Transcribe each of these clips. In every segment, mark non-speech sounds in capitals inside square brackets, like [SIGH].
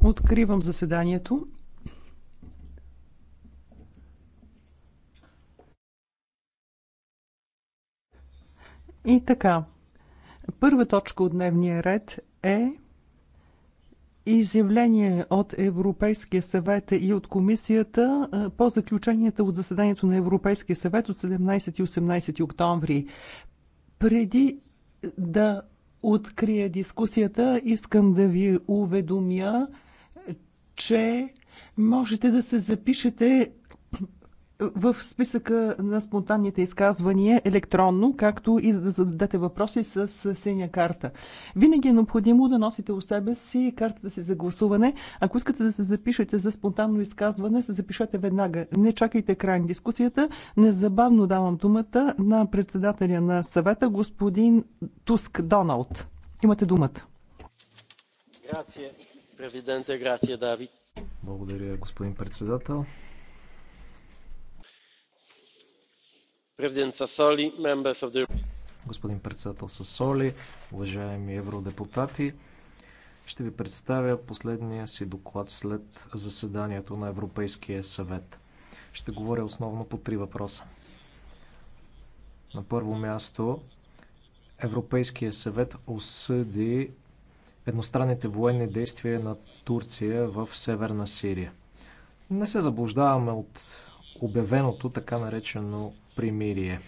Откривам заседанието. И така, първа точка от дневния ред е изявление от Европейския съвет и от комисията по заключенията от заседанието на Европейския съвет от 17 и 18 октомври. Преди да открия дискусията, искам да ви уведомя, че можете да се запишете в списъка на спонтанните изказвания електронно, както и за да зададете въпроси с синя карта. Винаги е необходимо да носите у себе си картата си за гласуване. Ако искате да се запишете за спонтанно изказване, се запишете веднага. Не чакайте край на дискусията. Незабавно давам думата на председателя на съвета, господин Туск Доналд. Имате думата. Грация, президенте, грация, Давид. Благодаря, господин председател. Господин председател Сасоли, уважаеми евродепутати, ще ви представя последния си доклад след заседанието на Европейския съвет. Ще говоря основно по три въпроса. На първо място, Европейския съвет осъди едностранните военни действия на Турция в Северна Сирия. Не се заблуждаваме от обявеното така наречено примирие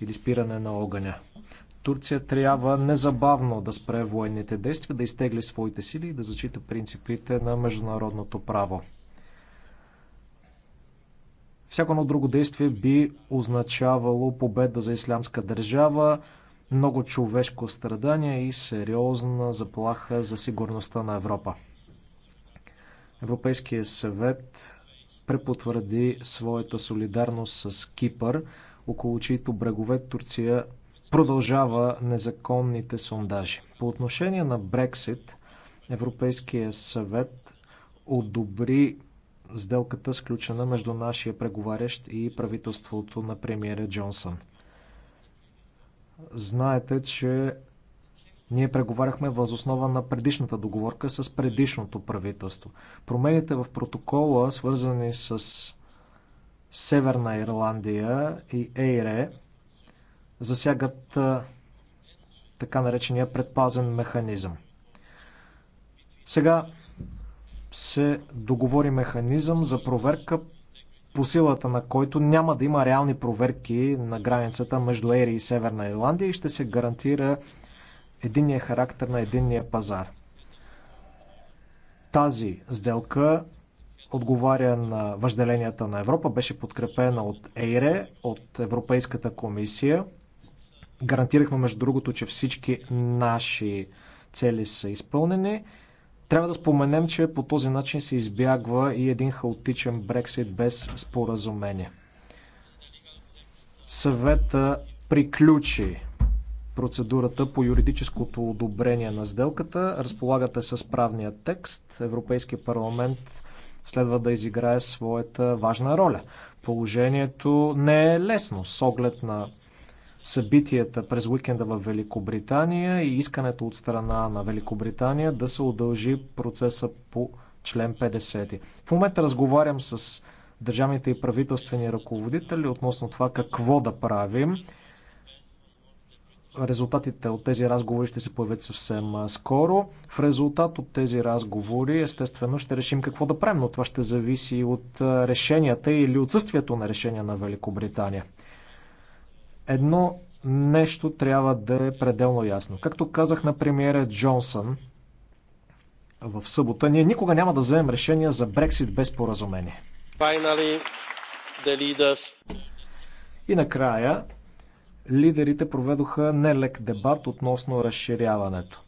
или спиране на огъня. Турция трябва незабавно да спре военните действия, да изтегли своите сили и да зачита принципите на международното право. Всяко едно друго действие би означавало победа за ислямска държава, много човешко страдание и сериозна заплаха за сигурността на Европа. Европейския съвет препотвърди своята солидарност с Кипър, около чието брегове Турция продължава незаконните сондажи. По отношение на Брексит, Европейския съвет одобри сделката, сключена между нашия преговарящ и правителството на премиера Джонсън. Знаете, че ние преговаряхме възоснова на предишната договорка с предишното правителство. Промените в протокола, свързани с Северна Ирландия и Ейре засягат така наречения предпазен механизъм. Сега се договори механизъм за проверка по силата на който няма да има реални проверки на границата между Ери и Северна Ирландия и ще се гарантира единия характер на единния пазар. Тази сделка отговаря на въжделенията на Европа, беше подкрепена от ЕЙРЕ, от Европейската комисия. Гарантирахме, между другото, че всички наши цели са изпълнени. Трябва да споменем, че по този начин се избягва и един хаотичен Брексит без споразумение. Съвета приключи процедурата по юридическото одобрение на сделката. Разполагате с правния текст. Европейския парламент следва да изиграе своята важна роля. Положението не е лесно с оглед на събитията през уикенда в Великобритания и искането от страна на Великобритания да се удължи процеса по член 50. В момента разговарям с държавните и правителствени ръководители относно това какво да правим. Резултатите от тези разговори ще се появят съвсем скоро. В резултат от тези разговори, естествено, ще решим какво да правим, но това ще зависи от решенията или отсъствието на решения на Великобритания. Едно нещо трябва да е пределно ясно. Както казах на премиера Джонсън в събота, ние никога няма да вземем решение за Брексит без поразумение. Finally, и накрая, лидерите проведоха нелек дебат относно разширяването.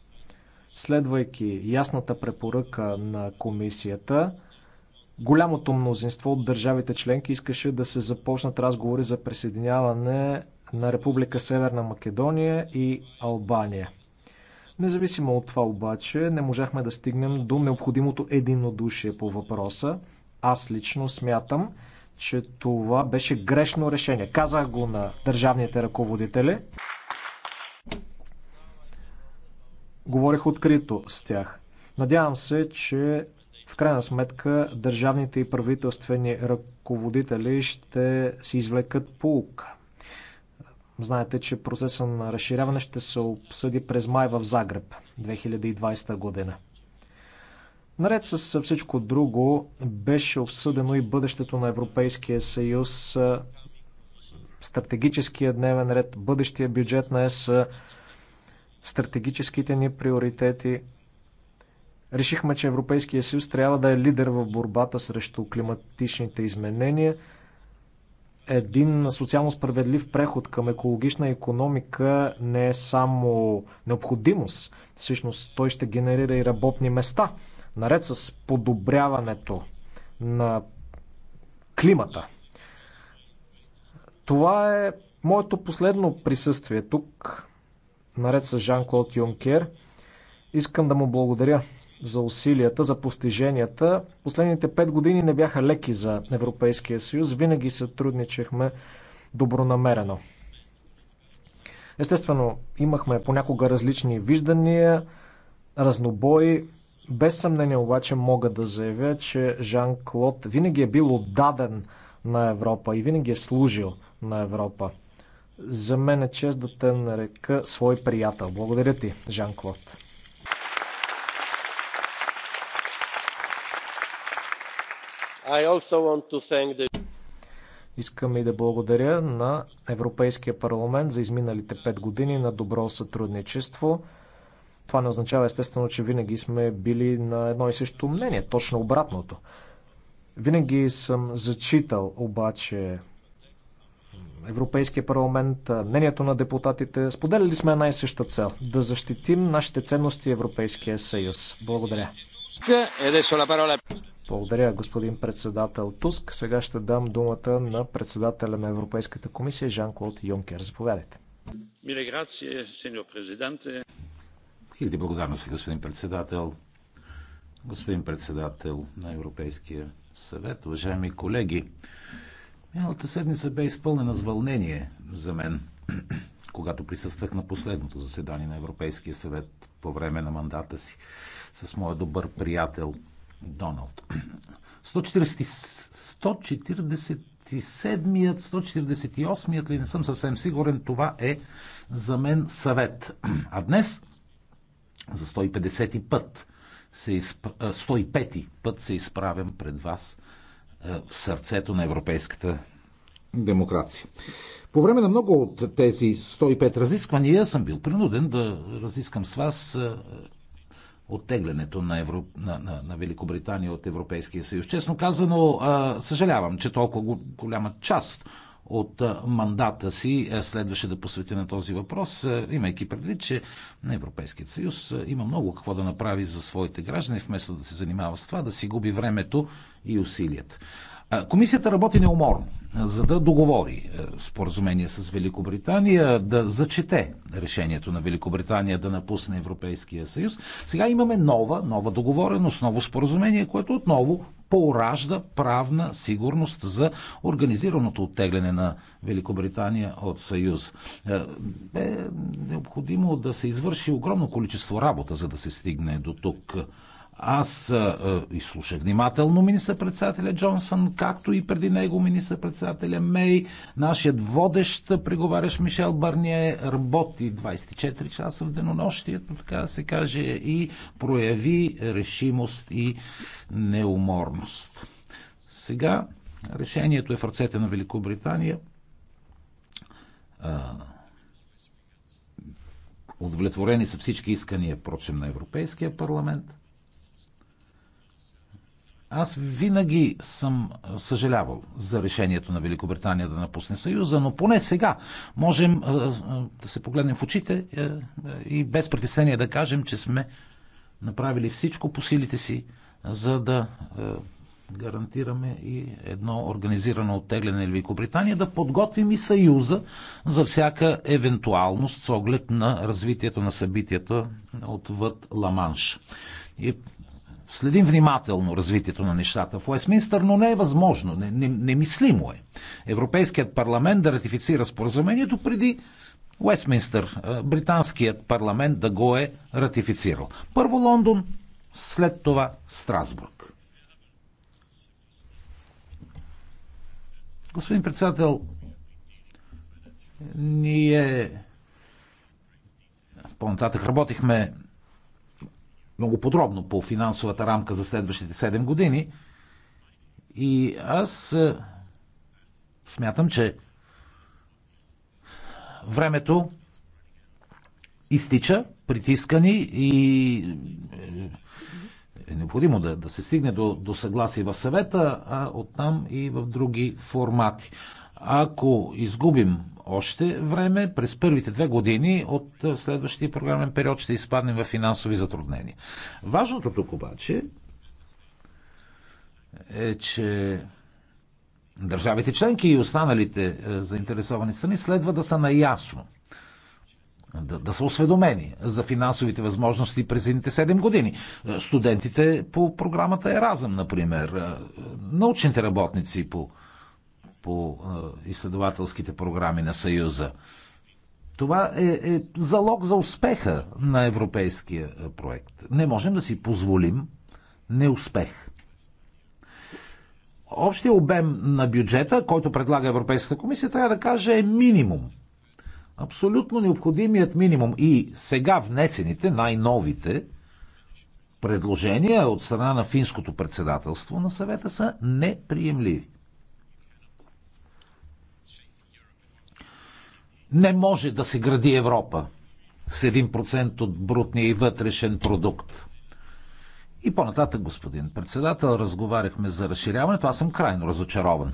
Следвайки ясната препоръка на комисията, голямото мнозинство от държавите членки искаше да се започнат разговори за присъединяване на Република Северна Македония и Албания. Независимо от това обаче, не можахме да стигнем до необходимото единодушие по въпроса. Аз лично смятам, че това беше грешно решение. Казах го на държавните ръководители. Говорих открито с тях. Надявам се, че в крайна сметка държавните и правителствени ръководители ще си извлекат полука. Знаете, че процесът на разширяване ще се обсъди през май в Загреб 2020 година. Наред с всичко друго беше обсъдено и бъдещето на Европейския съюз, стратегическия дневен ред, бъдещия бюджет на ЕС, стратегическите ни приоритети. Решихме, че Европейския съюз трябва да е лидер в борбата срещу климатичните изменения. Един социално справедлив преход към екологична економика не е само необходимост, всъщност той ще генерира и работни места – наред с подобряването на климата. Това е моето последно присъствие тук, наред с Жан-Клод Юнкер. Искам да му благодаря за усилията, за постиженията. Последните пет години не бяха леки за Европейския съюз. Винаги сътрудничахме добронамерено. Естествено, имахме понякога различни виждания, разнобои, без съмнение обаче мога да заявя, че Жан-Клод винаги е бил отдаден на Европа и винаги е служил на Европа. За мен е чест да те нарека свой приятел. Благодаря ти, Жан-Клод. The... Искам и да благодаря на Европейския парламент за изминалите 5 години на добро сътрудничество. Това не означава естествено, че винаги сме били на едно и също мнение, точно обратното. Винаги съм зачитал обаче Европейския парламент, мнението на депутатите. Споделяли сме една и съща цел да защитим нашите ценности Европейския съюз. Благодаря. Благодаря, господин председател Туск. Сега ще дам думата на председателя на Европейската комисия Жан-Клод Юнкер. Заповядайте. президенте. Хиляди благодарности, господин председател. Господин председател на Европейския съвет, уважаеми колеги, миналата седмица бе изпълнена с вълнение за мен, [CLEARS THROAT] когато присъствах на последното заседание на Европейския съвет по време на мандата си с моя добър приятел Доналд. 147-ият, [CLEARS THROAT] 148-ият ли, не съм съвсем сигурен, това е за мен съвет. [CLEARS THROAT] А днес за 150 път се изп... 105 път се изправям пред вас в сърцето на европейската демокрация. По време на много от тези 105 разисквания съм бил принуден да разискам с вас оттеглянето на, Евро... на, на, на Великобритания от Европейския съюз. Честно казано, съжалявам, че толкова голяма част от мандата си е, следваше да посвети на този въпрос, е, имайки предвид, че на Европейският съюз е, има много какво да направи за своите граждани, вместо да се занимава с това, да си губи времето и усилият. Комисията работи неуморно, за да договори е, споразумение с Великобритания, да зачете решението на Великобритания да напусне Европейския съюз. Сега имаме нова, нова договореност, ново споразумение, което отново поражда правна сигурност за организираното оттегляне на Великобритания от Съюз. Е, е необходимо да се извърши огромно количество работа, за да се стигне до тук. Аз а, изслушах внимателно министър-председателя Джонсън, както и преди него министър-председателя Мей. Нашият водещ преговарящ Мишел Барния, работи 24 часа в денонощието, така да се каже, и прояви решимост и неуморност. Сега решението е в ръцете на Великобритания. Удовлетворени са всички искания, прочем, на Европейския парламент – аз винаги съм съжалявал за решението на Великобритания да напусне Съюза, но поне сега можем да се погледнем в очите и без притеснение да кажем, че сме направили всичко по силите си, за да гарантираме и едно организирано оттегляне на Великобритания, да подготвим и Съюза за всяка евентуалност с оглед на развитието на събитията отвъд Ламанш. И Следим внимателно развитието на нещата в Уестминстър, но не е възможно, не, не, немислимо е Европейският парламент да ратифицира споразумението преди Уестминстър, британският парламент да го е ратифицирал. Първо Лондон, след това Страсбург. Господин председател, ние по-нататък работихме много подробно по финансовата рамка за следващите 7 години. И аз е, смятам, че времето изтича, притискани и е, е необходимо да, да се стигне до, до съгласие в съвета, а оттам и в други формати. Ако изгубим още време, през първите две години от следващия програмен период ще изпаднем в финансови затруднения. Важното тук обаче е, че държавите членки и останалите заинтересовани страни следва да са наясно, да, да са осведомени за финансовите възможности през едните 7 години. Студентите по програмата Еразъм, например, научните работници по по изследователските програми на Съюза. Това е, е залог за успеха на европейския проект. Не можем да си позволим неуспех. Общия обем на бюджета, който предлага Европейската комисия, трябва да каже е минимум. Абсолютно необходимият минимум. И сега внесените, най-новите предложения от страна на финското председателство на съвета са неприемливи. Не може да се гради Европа с 1% от брутния и вътрешен продукт. И по-нататък, господин председател, разговаряхме за разширяването. Аз съм крайно разочарован.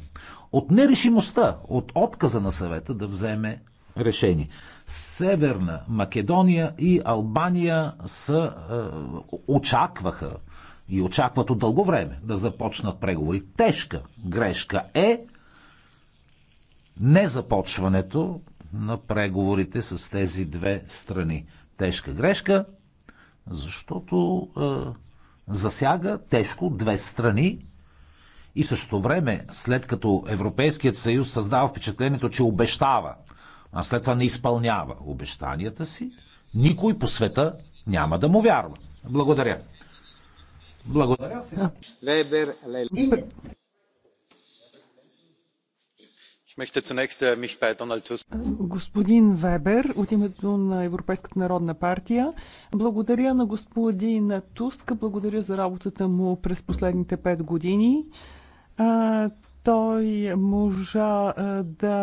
От нерешимостта, от отказа на съвета да вземе решение. Северна Македония и Албания са, е, очакваха и очакват от дълго време да започнат преговори. Тежка грешка е незапочването на преговорите с тези две страни. Тежка грешка, защото е, засяга тежко две страни и в същото време, след като Европейският съюз създава впечатлението, че обещава, а след това не изпълнява обещанията си, никой по света няма да му вярва. Благодаря. Благодаря се. Вебер, Äh, господин Вебер, от името на Европейската народна партия, благодаря на господин Туск, благодаря за работата му през последните пет години. Той можа да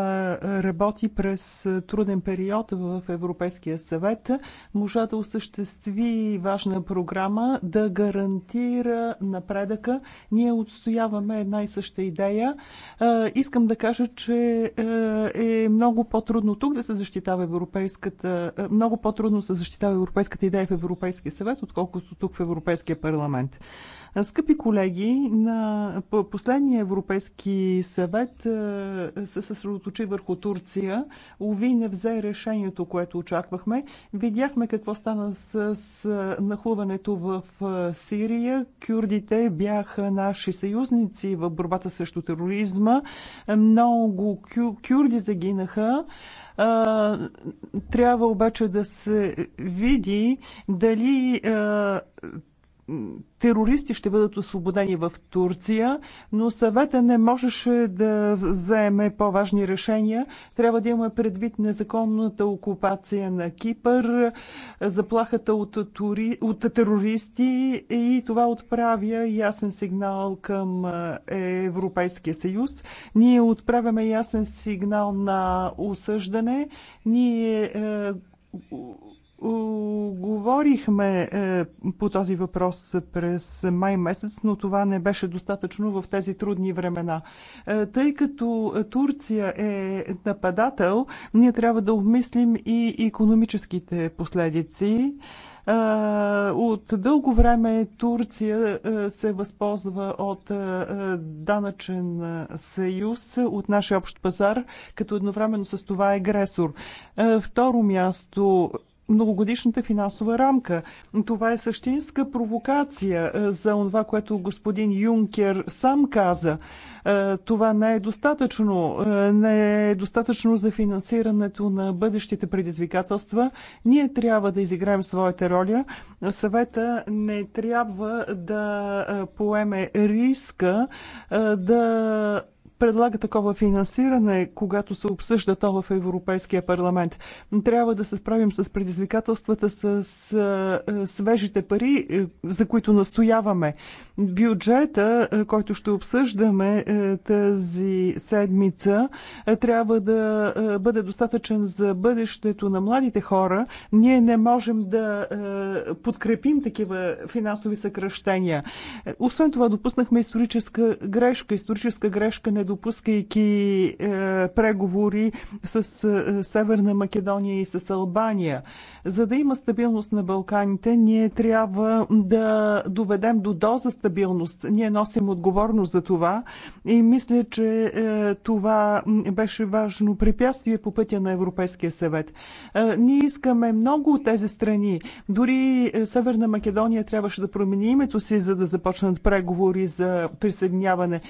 работи през труден период в Европейския съвет, можа да осъществи важна програма, да гарантира напредъка. Ние отстояваме една и съща идея. Искам да кажа, че е много по-трудно тук да се защитава европейската, много по-трудно се защитава европейската идея в Европейския съвет, отколкото тук в Европейския парламент. Скъпи колеги, на последния Европейски съвет е, се съсредоточи върху Турция. Ови не взе решението, което очаквахме. Видяхме какво стана с, с нахлуването в е, Сирия. Кюрдите бяха наши съюзници в борбата срещу тероризма. Много кю, кюрди загинаха. Е, трябва обаче да се види дали терористи ще бъдат освободени в Турция, но съвета не можеше да вземе по-важни решения. Трябва да има предвид незаконната окупация на Кипър, заплахата от, тури... от терористи и това отправя ясен сигнал към Европейския съюз. Ние отправяме ясен сигнал на осъждане. Ние Говорихме е, по този въпрос през май месец, но това не беше достатъчно в тези трудни времена. Е, тъй като Турция е нападател, ние трябва да обмислим и економическите последици. Е, от дълго време Турция се възползва от данъчен съюз, от нашия общ пазар, като едновременно с това е агресор. Второ място многогодишната финансова рамка. Това е същинска провокация е, за това, което господин Юнкер сам каза. Е, това не е достатъчно. Е, не е достатъчно за финансирането на бъдещите предизвикателства. Ние трябва да изиграем своята роля. Съвета не трябва да поеме риска да предлага такова финансиране, когато се обсъжда то в Европейския парламент. Трябва да се справим с предизвикателствата, с, с е, свежите пари, е, за които настояваме. Бюджета, е, който ще обсъждаме тази седмица, трябва да бъде достатъчен за бъдещето на младите хора. Ние не можем да подкрепим такива финансови съкръщения. Освен това, допуснахме историческа грешка. Историческа грешка не допускайки е, преговори с е, Северна Македония и с Албания. За да има стабилност на Балканите, ние трябва да доведем до доза стабилност. Ние носим отговорност за това и мисля, че е, това беше важно препятствие по пътя на Европейския съвет. Е, ние искаме много от тези страни. Дори е, Северна Македония трябваше да промени името си, за да започнат преговори за присъединяване.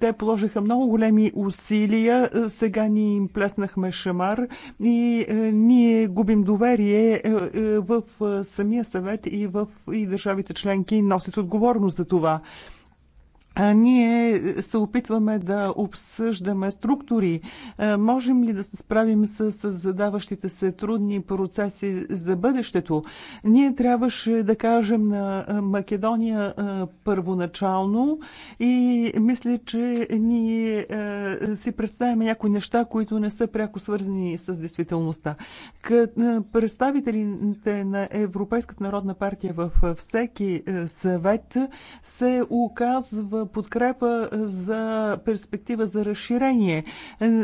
Те положиха много големи усилия. Сега ни им плеснахме шамар и ние губим доверие е, е, в е, самия съвет и в и държавите членки носят отговорност за това ние се опитваме да обсъждаме структури. Можем ли да се справим с, с задаващите се трудни процеси за бъдещето? Ние трябваше да кажем на Македония първоначално и мисля, че ние си представяме някои неща, които не са пряко свързани с действителността. Представителите на Европейската народна партия във всеки съвет се оказва подкрепа за перспектива за разширение.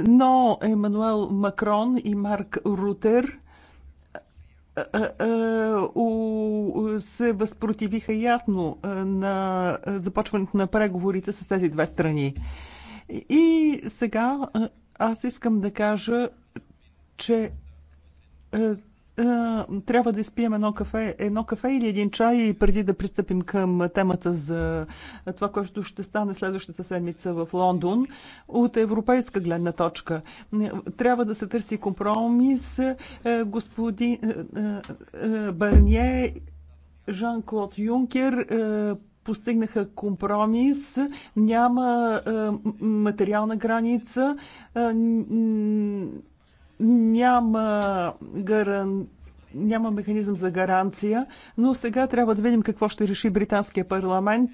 Но Емануел Макрон и Марк Рутер се възпротивиха ясно на започването на преговорите с тези две страни. И сега аз искам да кажа, че е, трябва да изпием едно кафе, едно кафе или един чай преди да пристъпим към темата за това, което ще стане следващата седмица в Лондон. От европейска гледна точка трябва да се търси компромис. Е, Господин е, Барние, Жан-Клод Юнкер постигнаха компромис, няма материална граница няма гарант няма механизъм за гаранция, но сега трябва да видим какво ще реши британския парламент,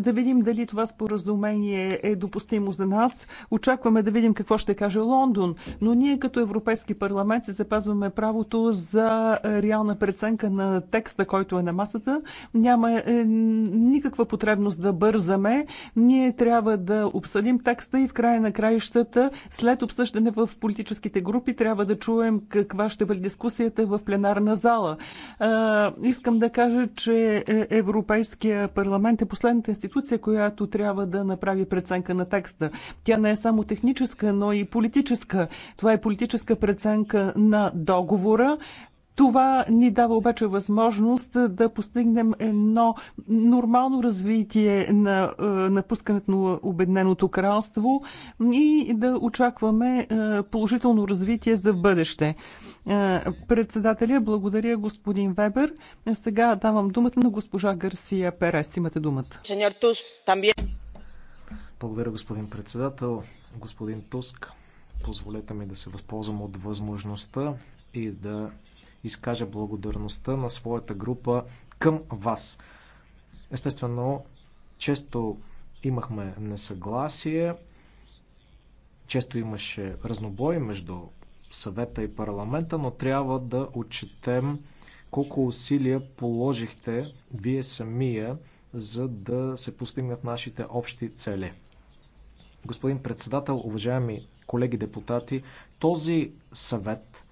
да видим дали това споразумение е допустимо за нас. Очакваме да видим какво ще каже Лондон, но ние като Европейски парламент се запазваме правото за реална преценка на текста, който е на масата. Няма е, никаква потребност да бързаме. Ние трябва да обсъдим текста и в края на краищата, след обсъждане в политическите групи, трябва да чуем каква ще бъде дискусията в пленар пленарна зала. Искам да кажа, че е, Европейския парламент е последната институция, която трябва да направи преценка на текста. Тя не е само техническа, но и политическа. Това е политическа преценка на договора, това ни дава обаче възможност да постигнем едно нормално развитие на е, напускането на обедненото кралство и да очакваме е, положително развитие за бъдеще. Е, председателя, благодаря господин Вебер. Сега давам думата на госпожа Гарсия Перес. Имате думата. Благодаря, господин председател. Господин Туск, позволете ми да се възползвам от възможността и да изкажа благодарността на своята група към вас. Естествено, често имахме несъгласие, често имаше разнобой между съвета и парламента, но трябва да отчетем колко усилия положихте вие самия, за да се постигнат нашите общи цели. Господин председател, уважаеми колеги депутати, този съвет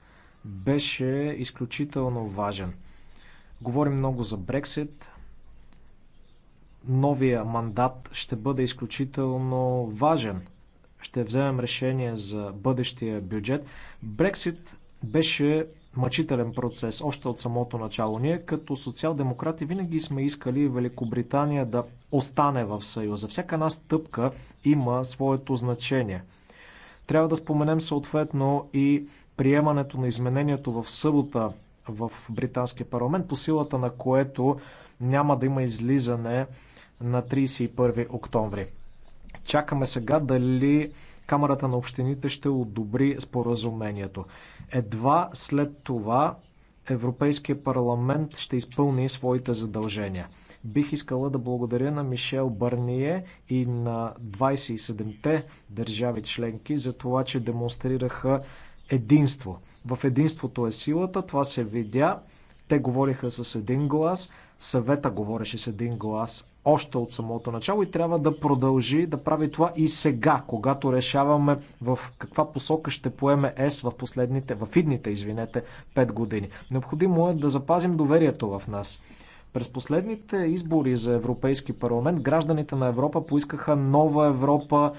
беше изключително важен. Говорим много за Брексит. Новия мандат ще бъде изключително важен. Ще вземем решение за бъдещия бюджет. Брексит беше мъчителен процес още от самото начало. Ние като социал-демократи винаги сме искали Великобритания да остане в Съюза. Всяка една стъпка има своето значение. Трябва да споменем съответно и приемането на изменението в събота в британския парламент, по силата на което няма да има излизане на 31 октомври. Чакаме сега дали Камерата на общините ще одобри споразумението. Едва след това Европейския парламент ще изпълни своите задължения. Бих искала да благодаря на Мишел Бърние и на 27-те държави членки за това, че демонстрираха единство. В единството е силата, това се видя. Те говориха с един глас, съвета говореше с един глас още от самото начало и трябва да продължи да прави това и сега, когато решаваме в каква посока ще поеме ЕС в последните, в идните, извинете, 5 години. Необходимо е да запазим доверието в нас. През последните избори за Европейски парламент гражданите на Европа поискаха нова Европа,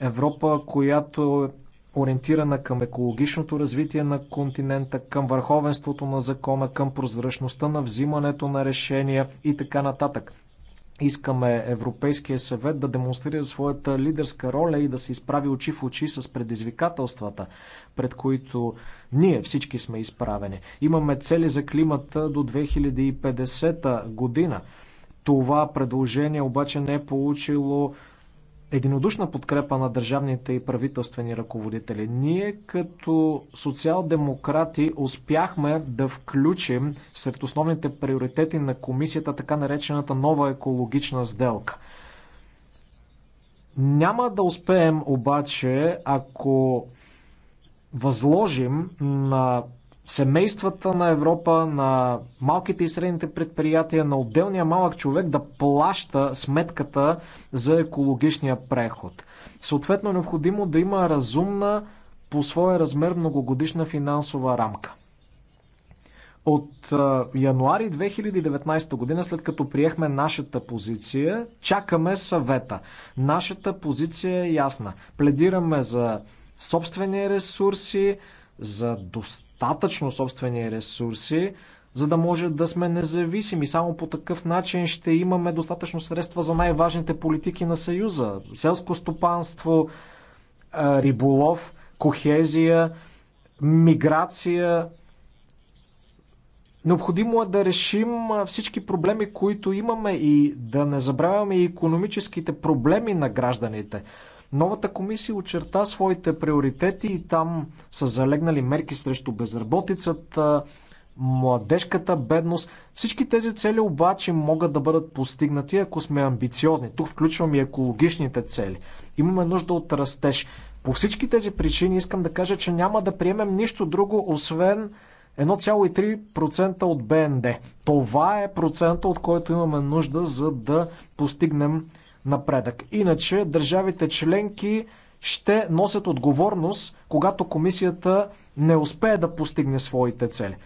Европа, която е ориентирана към екологичното развитие на континента, към върховенството на закона, към прозрачността на взимането на решения и така нататък. Искаме Европейския съвет да демонстрира своята лидерска роля и да се изправи очи в очи с предизвикателствата, пред които ние всички сме изправени. Имаме цели за климата до 2050 година. Това предложение обаче не е получило единодушна подкрепа на държавните и правителствени ръководители. Ние като социал-демократи успяхме да включим сред основните приоритети на комисията така наречената нова екологична сделка. Няма да успеем обаче, ако възложим на семействата на Европа, на малките и средните предприятия, на отделния малък човек да плаща сметката за екологичния преход. Съответно, е необходимо да има разумна по своя размер многогодишна финансова рамка. От януари 2019 година, след като приехме нашата позиция, чакаме съвета. Нашата позиция е ясна. Пледираме за собствени ресурси, за достатъчно достатъчно собствени ресурси, за да може да сме независими. Само по такъв начин ще имаме достатъчно средства за най-важните политики на Съюза. Селско стопанство, е, риболов, кохезия, миграция. Необходимо е да решим е, всички проблеми, които имаме и да не забравяме и економическите проблеми на гражданите. Новата комисия очерта своите приоритети и там са залегнали мерки срещу безработицата, младежката бедност. Всички тези цели обаче могат да бъдат постигнати, ако сме амбициозни. Тук включвам и екологичните цели. Имаме нужда от растеж. По всички тези причини искам да кажа, че няма да приемем нищо друго, освен 1,3% от БНД. Това е процента, от който имаме нужда, за да постигнем напредък. Иначе държавите членки ще носят отговорност, когато комисията не успее да постигне своите цели.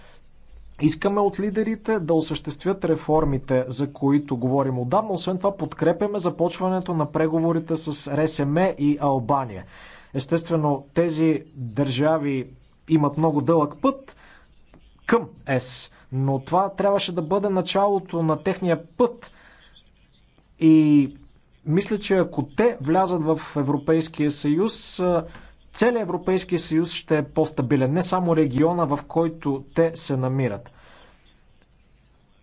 Искаме от лидерите да осъществят реформите, за които говорим отдавна. Освен това, подкрепяме започването на преговорите с РСМЕ и Албания. Естествено, тези държави имат много дълъг път към ЕС, но това трябваше да бъде началото на техния път. И мисля, че ако те влязат в Европейския съюз, целият Европейския съюз ще е по-стабилен, не само региона, в който те се намират.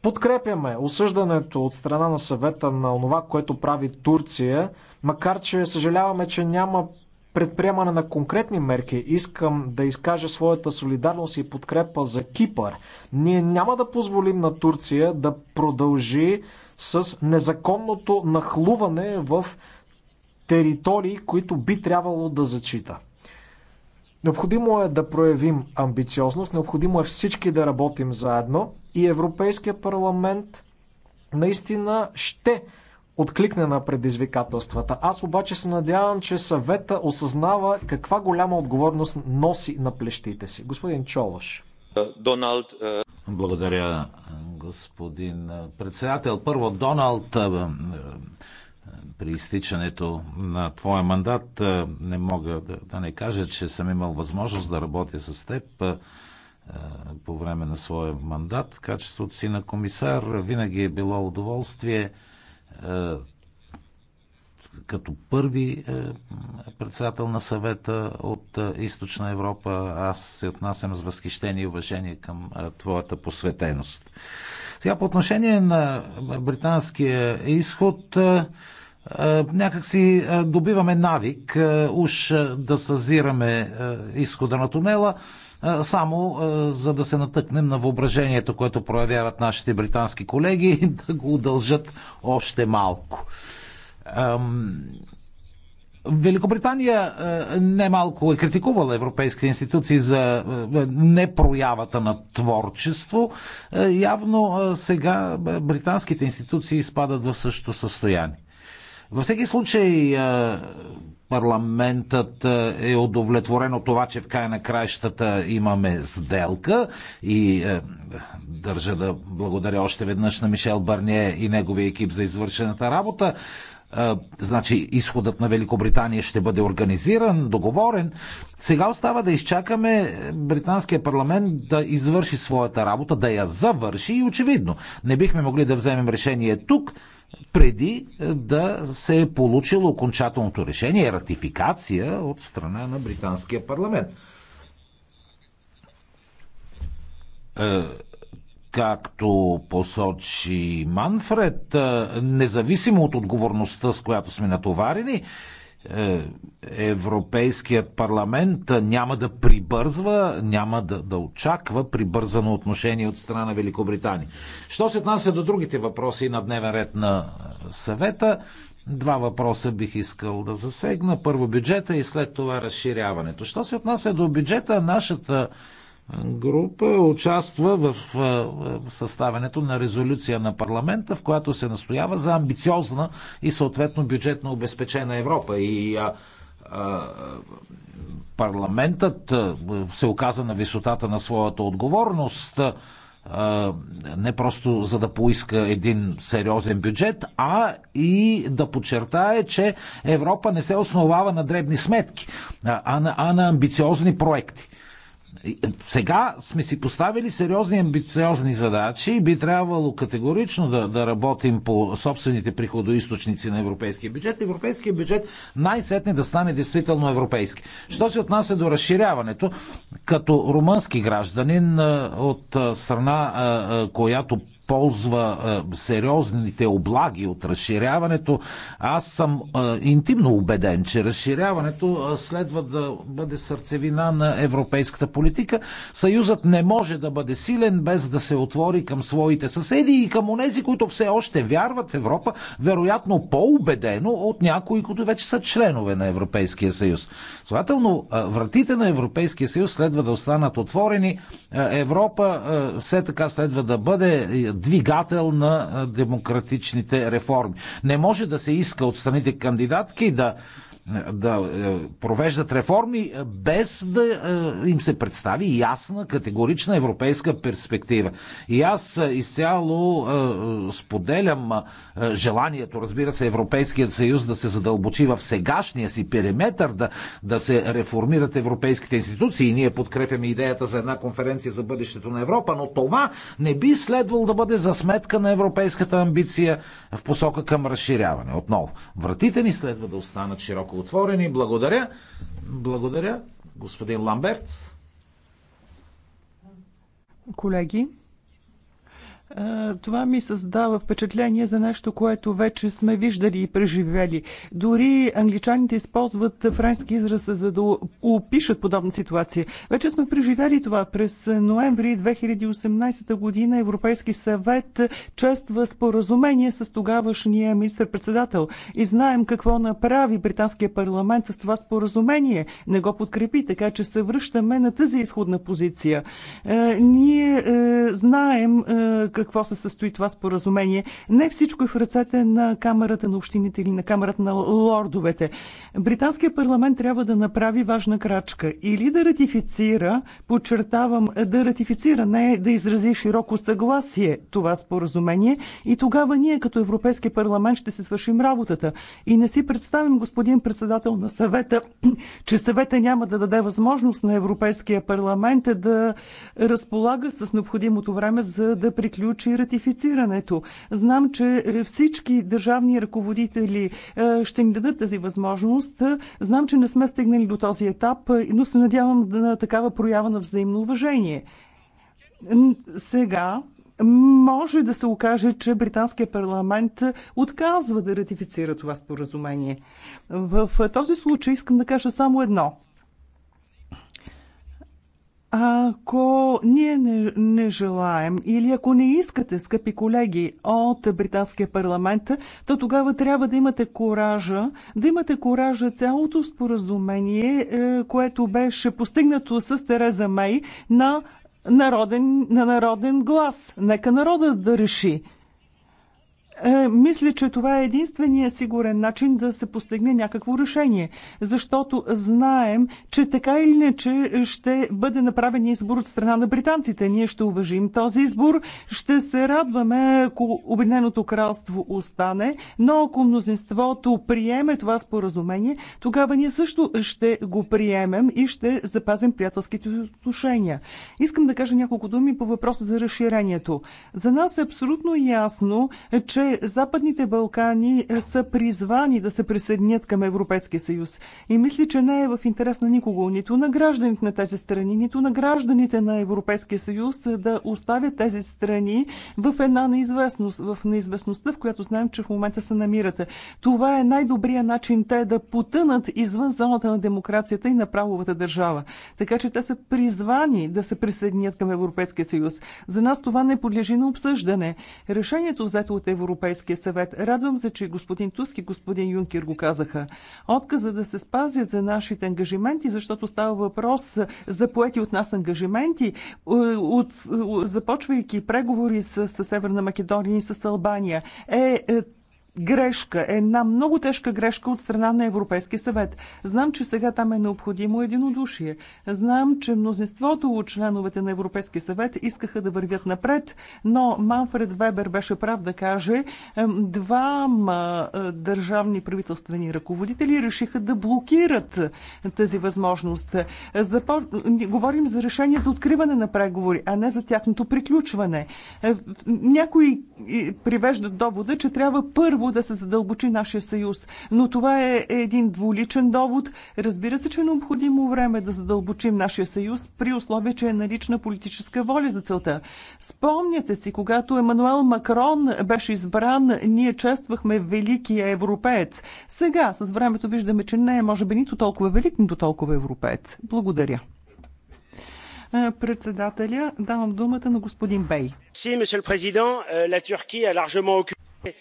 Подкрепяме осъждането от страна на съвета на това, което прави Турция, макар че съжаляваме, че няма предприемане на конкретни мерки. Искам да изкажа своята солидарност и подкрепа за Кипър. Ние няма да позволим на Турция да продължи с незаконното нахлуване в територии, които би трябвало да зачита. Необходимо е да проявим амбициозност, необходимо е всички да работим заедно и Европейския парламент наистина ще откликне на предизвикателствата. Аз обаче се надявам, че съвета осъзнава каква голяма отговорност носи на плещите си. Господин Чолош. Доналд. Е, Благодаря, господин председател. Първо, Доналд, е, е, при изтичането на твоя мандат не мога да, да не кажа, че съм имал възможност да работя с теб по време на своя мандат в качеството си на комисар. Винаги е било удоволствие е, като първи е, председател на съвета от е, Източна Европа, аз се отнасям с възхищение и уважение към твоята посветеност. Сега по отношение на британския изход, някакси добиваме навик уж да съзираме изхода на тунела, само за да се натъкнем на въображението, което проявяват нашите британски колеги, [LAUGHS] да го удължат още малко. Великобритания немалко е критикувала европейските институции за непроявата на творчество. Явно сега британските институции изпадат в същото състояние. Във всеки случай парламентът е, е удовлетворен от това, че в края на краищата имаме сделка и е, държа да благодаря още веднъж на Мишел Барние и неговия екип за извършената работа. Е, значи изходът на Великобритания ще бъде организиран, договорен. Сега остава да изчакаме британския парламент да извърши своята работа, да я завърши и очевидно не бихме могли да вземем решение тук, преди е, да се е получило окончателното решение, ратификация от страна на британския парламент. Е, както посочи Манфред, е, независимо от отговорността, с която сме натоварени, е, Европейският парламент няма да прибързва, няма да, да очаква прибързано отношение от страна на Великобритания. Що се отнася до другите въпроси на дневен ред на съвета, два въпроса бих искал да засегна. Първо бюджета и след това разширяването. Що се отнася до бюджета, нашата група участва в съставянето на резолюция на парламента, в която се настоява за амбициозна и съответно бюджетно обезпечена Европа. И а, а, парламентът се оказа на висотата на своята отговорност не просто за да поиска един сериозен бюджет, а и да подчертае, че Европа не се основава на дребни сметки, а на, а на амбициозни проекти. Е, сега сме си поставили сериозни амбициозни задачи и би трябвало категорично да, да работим по собствените приходоисточници на европейския бюджет. Европейския бюджет най-сетне да стане действително европейски. Що се отнася до разширяването, като румънски гражданин е, от е, страна, която ползва сериозните облаги от разширяването. Аз съм интимно убеден, че разширяването следва да бъде сърцевина на европейската политика. Съюзът не може да бъде силен без да се отвори към своите съседи и към онези, които все още вярват в Европа, вероятно по-убедено от някои, които вече са членове на Европейския съюз. Следователно, вратите на Европейския съюз следва да останат отворени. Европа все така следва да бъде двигател на демократичните реформи. Не може да се иска от страните кандидатки да да е, провеждат реформи, е, без да е, им се представи ясна, категорична европейска перспектива. И аз изцяло споделям желанието, разбира се, Европейският съюз да се задълбочи в сегашния си периметр, да, да се реформират европейските институции. И ние подкрепяме идеята за една конференция за бъдещето на Европа, но това не би следвало да бъде за сметка на европейската амбиция в посока към разширяване. Отново, вратите ни следва да останат широко отворени. Благодаря. Благодаря, господин Ламберт. Колеги, това ми създава впечатление за нещо, което вече сме виждали и преживели. Дори англичаните използват френски израз, за да опишат подобна ситуация. Вече сме преживели това. През ноември 2018 година Европейски съвет чества споразумение с тогавашния министр-председател. И знаем какво направи британския парламент с това споразумение. Не го подкрепи, така че се връщаме на тази изходна позиция. Е, ние е, знаем е, какво се състои това споразумение. Не всичко е в ръцете на Камерата на общините или на Камерата на лордовете. Британският парламент трябва да направи важна крачка. Или да ратифицира, подчертавам, да ратифицира, не да изрази широко съгласие това споразумение и тогава ние като Европейски парламент ще се свършим работата. И не си представим, господин председател на съвета, [CLEARS THROAT] че съвета няма да даде възможност на Европейския парламент да разполага с необходимото време за да приключи приключи ратифицирането. Знам, че е, всички държавни ръководители е, ще ни дадат тази възможност. Знам, че не сме стигнали до този етап, но се надявам на такава проява на взаимно уважение. Сега може да се окаже, че британския парламент отказва да ратифицира това споразумение. В е, този случай искам да кажа само едно. Ако ние не, не желаем или ако не искате, скъпи колеги, от Британския парламент, то тогава трябва да имате коража, да имате коража цялото споразумение, е, което беше постигнато с Тереза Мей на народен, на народен глас. Нека народа да реши. Е, мисля, че това е единствения сигурен начин да се постигне някакво решение, защото знаем, че така или иначе ще бъде направен избор от страна на британците. Ние ще уважим този избор, ще се радваме, ако Обединеното кралство остане, но ако мнозинството приеме това споразумение, тогава ние също ще го приемем и ще запазим приятелските отношения. Искам да кажа няколко думи по въпроса за разширението. За нас е абсолютно ясно, че Западните Балкани е, са призвани да се присъединят към Европейския съюз. И мисля, че не е в интерес на никого, нито на гражданите на тези страни, нито на гражданите на Европейския съюз е, да оставят тези страни в една неизвестност, в неизвестността, в която знаем, че в момента се намирате. Това е най-добрият начин те да потънат извън зоната на демокрацията и на правовата държава. Така че те са призвани да се присъединят към Европейския съюз. За нас това не подлежи на обсъждане. Решението взето от Европейския Европейския съвет. Радвам се, че господин Туски, господин Юнкер го казаха. Отказа да се спазят нашите ангажименти, защото става въпрос за поети от нас ангажименти, е, от, е, започвайки преговори с, с Северна Македония и с Албания, е, е грешка, една много тежка грешка от страна на Европейския съвет. Знам, че сега там е необходимо единодушие. Знам, че мнозинството от членовете на Европейския съвет искаха да вървят напред, но Манфред Вебер беше прав да каже, двама е, държавни правителствени ръководители решиха да блокират тази възможност. Запо... Говорим за решение за откриване на преговори, а не за тяхното приключване. Е, някои е, привеждат довода, че трябва първо могло да се задълбочи нашия съюз. Но това е един двуличен довод. Разбира се, че е необходимо време да задълбочим нашия съюз при условие, че е налична политическа воля за целта. Спомняте си, когато Емануел Макрон беше избран, ние чествахме великия европеец. Сега, с времето, виждаме, че не е, може би, нито толкова велик, нито толкова европеец. Благодаря. Е, председателя, давам думата на господин Бей. Euh,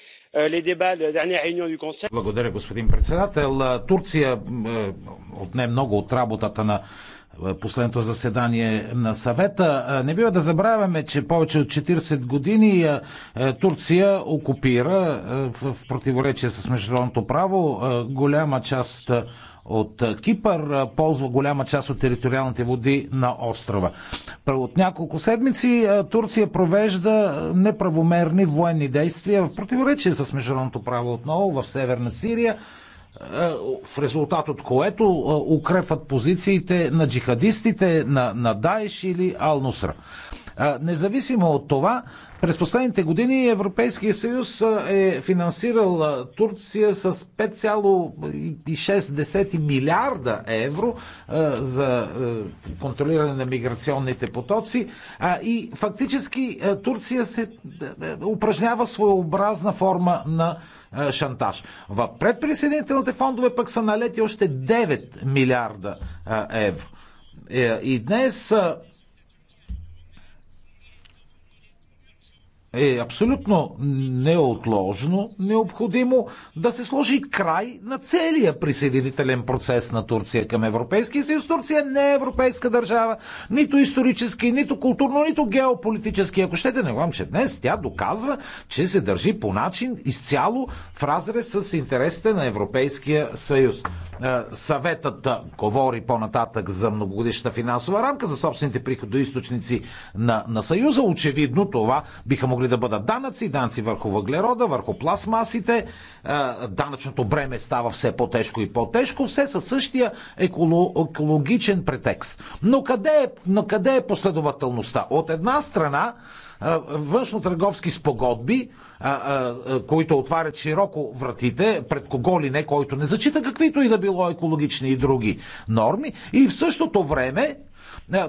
Благодаря, господин председател. Турция е, отне много от работата на е, последното заседание на съвета. Не бива да забравяме, че повече от 40 години е, Турция окупира в противоречие с международното право голяма част от от е, Кипър е, ползва голяма част от териториалните води на острова. От няколко седмици е, Турция провежда неправомерни военни действия в противоречие с международното право отново в Северна Сирия в резултат от което укрепват позициите на джихадистите, на, на Даеш или Ал-Нусра. Независимо от това, през последните години Европейския съюз е финансирал Турция с 5,6 милиарда евро за контролиране на миграционните потоци и фактически Турция се упражнява своеобразна форма на шантаж. В предприсъединителните фондове пък са налети още 9 милиарда евро. Е, и днес е абсолютно неотложно, необходимо да се сложи край на целия присъединителен процес на Турция към Европейския съюз. Турция не е европейска държава, нито исторически, нито културно, нито геополитически. Ако щете, не говорим, че днес тя доказва, че се държи по начин изцяло в разрез с интересите на Европейския съюз. Е, съветът говори по-нататък за многогодишната финансова рамка, за собствените приходоисточници на, на Съюза. Очевидно това биха могли да бъдат данъци, данъци върху въглерода, върху пластмасите. Е, данъчното бреме става все по-тежко и по-тежко, все със същия екологичен претекст. Но къде е, но къде е последователността? От една страна, външно-търговски спогодби, които отварят широко вратите пред кого ли не, който не зачита каквито и да било екологични и други норми. И в същото време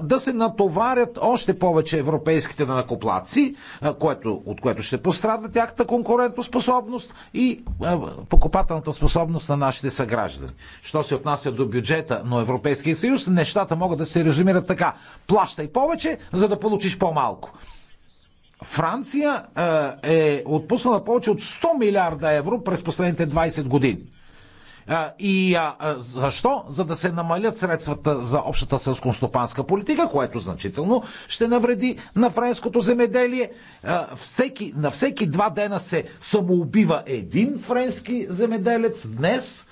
да се натоварят още повече европейските накоплаци, което, от което ще пострада тяхната конкурентоспособност и покупателната способност на нашите съграждани. Що се отнася до бюджета на Европейския съюз, нещата могат да се резюмират така. Плащай повече, за да получиш по-малко. Франция е, е отпуснала повече от 100 милиарда евро през последните 20 години. И а, защо? За да се намалят средствата за общата селскостопанска политика, което значително ще навреди на френското земеделие. А, всеки, на всеки два дена се самоубива един френски земеделец днес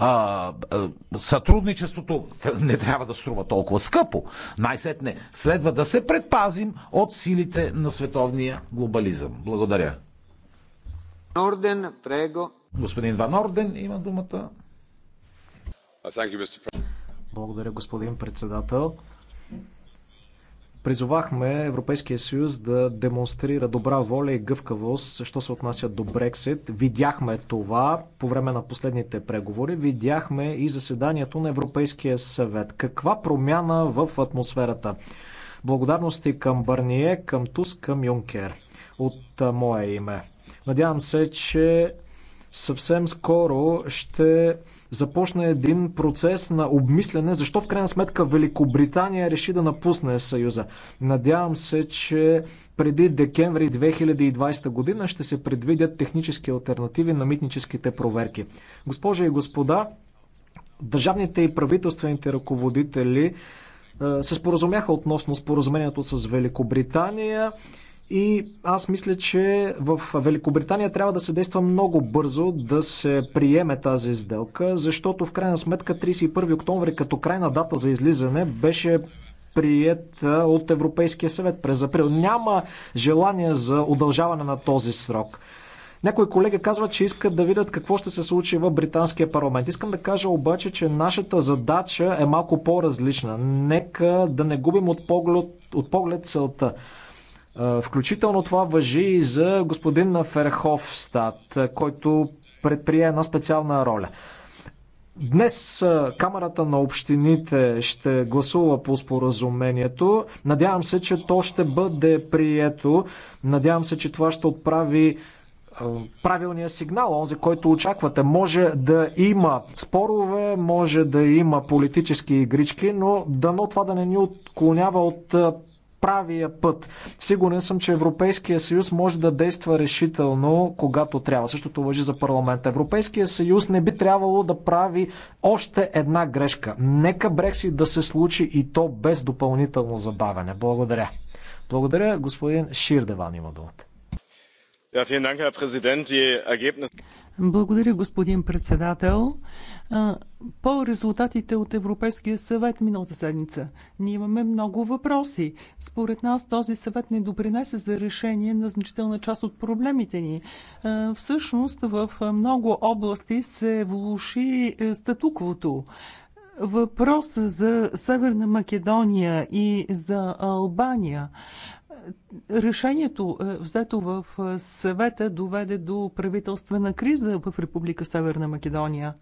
а, а, сътрудничеството не трябва да струва толкова скъпо. Най-сетне следва да се предпазим от силите на световния глобализъм. Благодаря. Орден, прего. Господин Ван Орден има думата. Благодаря, господин председател. Призовахме Европейския съюз да демонстрира добра воля и гъвкавост, що се отнася до Брексит. Видяхме това по време на последните преговори. Видяхме и заседанието на Европейския съвет. Каква промяна в атмосферата? Благодарности към Барние, към Туск, към Юнкер от мое име. Надявам се, че съвсем скоро ще започна един процес на обмислене, защо в крайна сметка Великобритания реши да напусне Съюза. Надявам се, че преди декември 2020 година ще се предвидят технически альтернативи на митническите проверки. Госпожи и господа, държавните и правителствените ръководители е, се споразумяха относно споразумението с Великобритания. И аз мисля, че в Великобритания трябва да се действа много бързо да се приеме тази сделка, защото в крайна сметка 31 октомври като крайна дата за излизане беше прият от Европейския съвет през април. Няма желание за удължаване на този срок. Някой колега казва, че искат да видят какво ще се случи в британския парламент. Искам да кажа обаче, че нашата задача е малко по-различна. Нека да не губим от поглед, от поглед целта. Включително това въжи и за господин Ферховстад, който предприе една специална роля. Днес Камерата на общините ще гласува по споразумението. Надявам се, че то ще бъде прието. Надявам се, че това ще отправи правилния сигнал, онзи, който очаквате. Може да има спорове, може да има политически игрички, но дано това да не ни отклонява от правия път. Сигурен съм, че Европейския съюз може да действа решително, когато трябва. Същото въжи за парламента. Европейския съюз не би трябвало да прави още една грешка. Нека Брексит да се случи и то без допълнително забавяне. Благодаря. Благодаря, господин Ширдеван има думата. Благодаря, господин председател. По резултатите от Европейския съвет миналата седмица, ние имаме много въпроси. Според нас този съвет не допринесе за решение на значителна част от проблемите ни. Всъщност в много области се влуши е, статуквото. Въпрос за Северна Македония и за Албания решението е, взето в е, съвета доведе до правителствена криза в Република Северна Македония.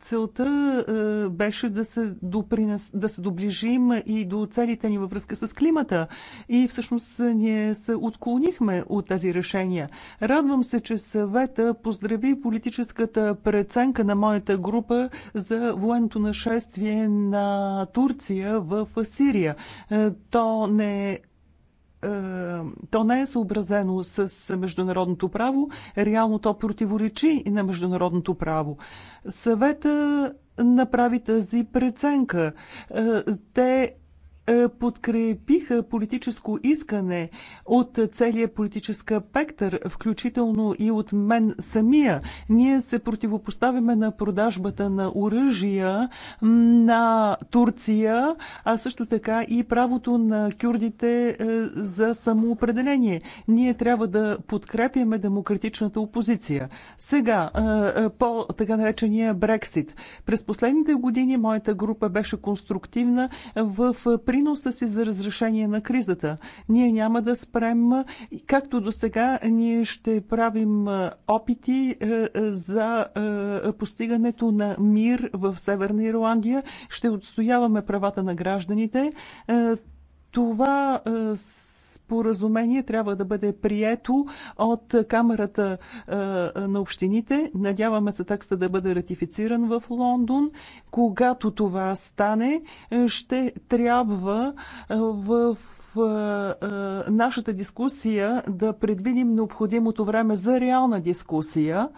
Целта е, беше да се, допринес, да се доближим и до целите ни във връзка с климата. И всъщност е, ние се отклонихме от тези решения. Радвам се, че съвета поздрави политическата преценка на моята група за военното нашествие на Турция в Сирия. Е, то не е, то не е съобразено с международното право, реално то противоречи на международното право. Съвета направи тази преценка. Е, те е, подкрепиха политическо искане от целия политическа пектър, включително и от мен самия. Ние се противопоставяме на продажбата на оръжия на Турция, а също така и правото на кюрдите е, за самоопределение. Ние трябва да подкрепяме демократичната опозиция. Сега, е, по така наречения Брексит. През последните години моята група беше конструктивна в при приноса си за разрешение на кризата. Ние няма да спрем. Както до сега, ние ще правим опити за постигането на мир в Северна Ирландия. Ще отстояваме правата на гражданите. Това споразумение трябва да бъде прието от Камерата на общините. Надяваме се текста да бъде ратифициран в Лондон. Когато това стане, ще трябва в нашата дискусия да предвидим необходимото време за реална дискусия.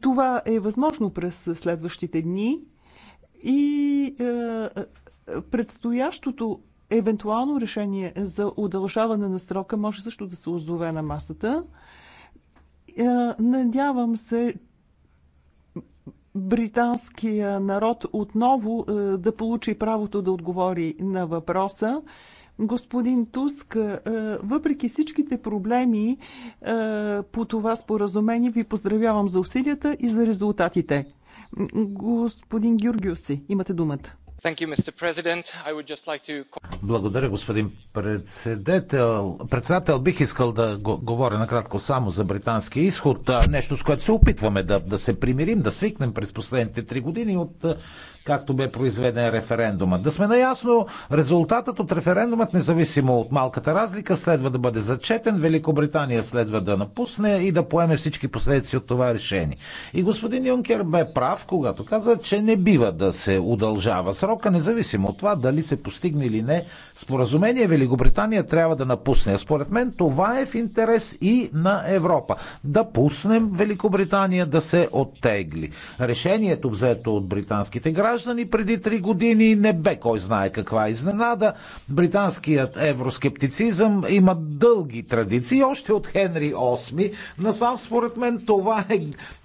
Това е възможно през следващите дни и предстоящото Евентуално решение за удължаване на срока може също да се озове на масата. Е, надявам се, британския народ отново е, да получи правото да отговори на въпроса. Господин Туск, е, въпреки всичките проблеми по това споразумение, ви поздравявам за усилията и за резултатите. Господин Георгиоси, имате думата. Благодаря, господин председател. Председател, бих искал да говоря накратко само за британския изход. Нещо, с което се опитваме да, да се примирим, да свикнем през последните три години от както бе произведен референдумът. Да сме наясно, резултатът от референдумът, независимо от малката разлика, следва да бъде зачетен, Великобритания следва да напусне и да поеме всички последици от това решение. И господин Юнкер бе прав, когато каза, че не бива да се удължава срока, независимо от това дали се постигне или не споразумение, Великобритания трябва да напусне. Според мен това е в интерес и на Европа. Да пуснем Великобритания да се оттегли. Решението взето от британските граждани граждани преди три години не бе кой знае каква изненада. Британският евроскептицизъм има дълги традиции, още от Хенри VIII. Насам, според мен, това е,